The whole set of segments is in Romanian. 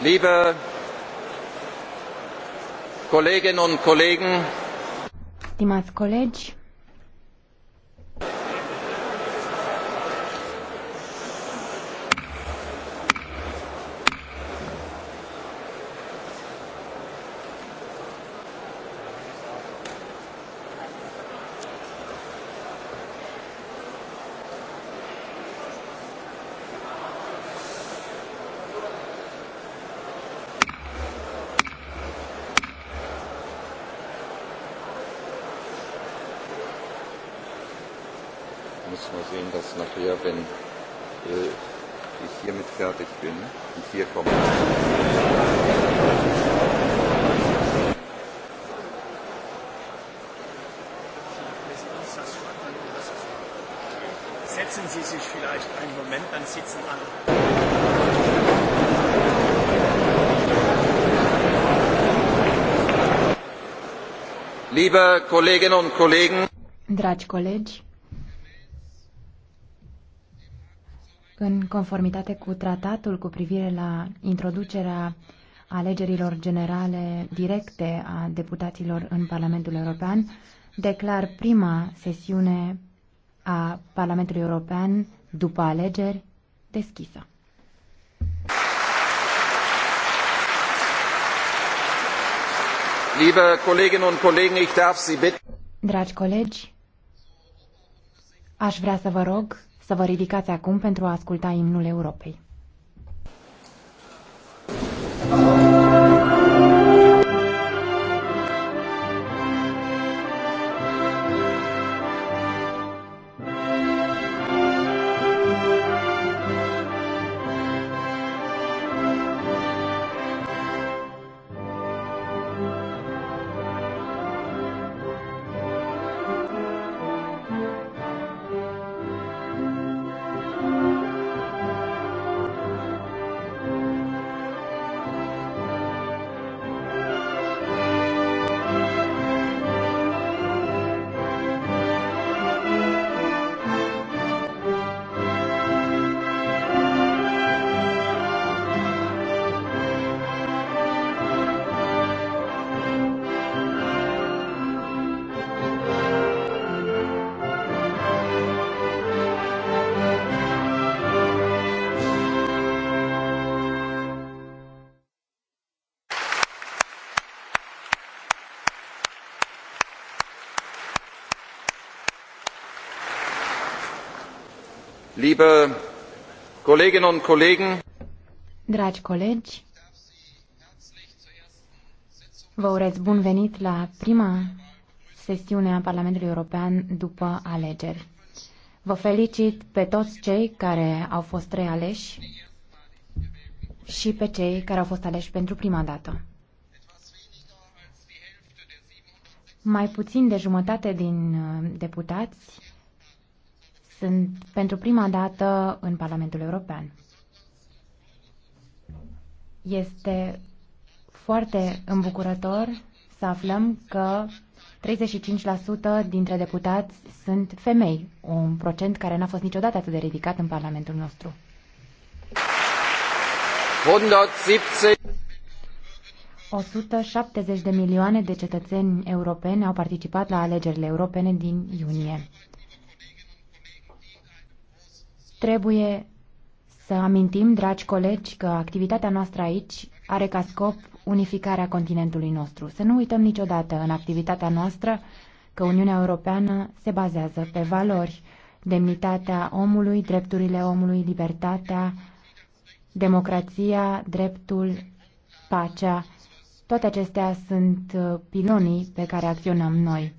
Liebe Kolleginnen und Kollegen, Stimați colegi, müssen wir sehen, dass nachher, wenn äh, ich hiermit fertig bin die vier kommen. Setzen Sie sich vielleicht einen Moment, dann sitzen alle. Liebe Kolleginnen und Kollegen, Dragi colegi, în conformitate cu tratatul cu privire la introducerea alegerilor generale directe a deputaților în Parlamentul European, declar prima sesiune a Parlamentului European după alegeri deschisă. Liebe Kolleginnen und Kollegen, ich darf Sie bitten. Dragi colegi, aș vrea să vă rog să vă ridicați acum pentru a asculta imnul Europei. Liebe Kolleginnen und Kollegen, Dragi colegi, vă urez bun venit la prima sesiune a Parlamentului European după alegeri. Vă felicit pe toți cei care au fost realeși și pe cei care au fost aleși pentru prima dată. Mai puțin de jumătate din uh, deputați sunt pentru prima dată în Parlamentul European. Este foarte îmbucurător să aflăm că 35% dintre deputați sunt femei, un procent care n-a fost niciodată atât de ridicat în Parlamentul nostru. 170 de milioane de cetățeni europeni au participat la alegerile europene din iunie. Trebuie să amintim, dragi colegi, că activitatea noastră aici are ca scop unificarea continentului nostru. Să nu uităm niciodată în activitatea noastră că Uniunea Europeană se bazează pe valori, demnitatea omului, drepturile omului, libertatea, democrația, dreptul, pacea. Toate acestea sunt uh, pilonii pe care acționăm noi.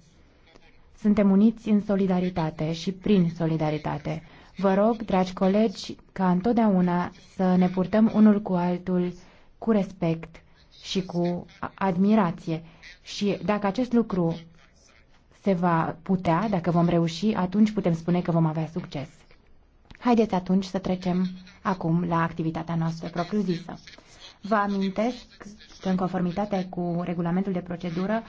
Suntem uniți în solidaritate și prin solidaritate. Vă rog, dragi colegi, ca întotdeauna să ne purtăm unul cu altul cu respect și cu admirație. Și dacă acest lucru se va putea, dacă vom reuși, atunci putem spune că vom avea succes. Haideți atunci să trecem acum la activitatea noastră propriu-zisă. Vă amintesc că în conformitate cu regulamentul de procedură,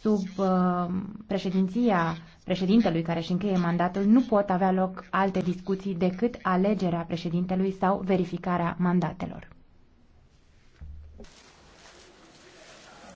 sub uh, președinția președintelui care își încheie mandatul, nu pot avea loc alte discuții decât alegerea președintelui sau verificarea mandatelor.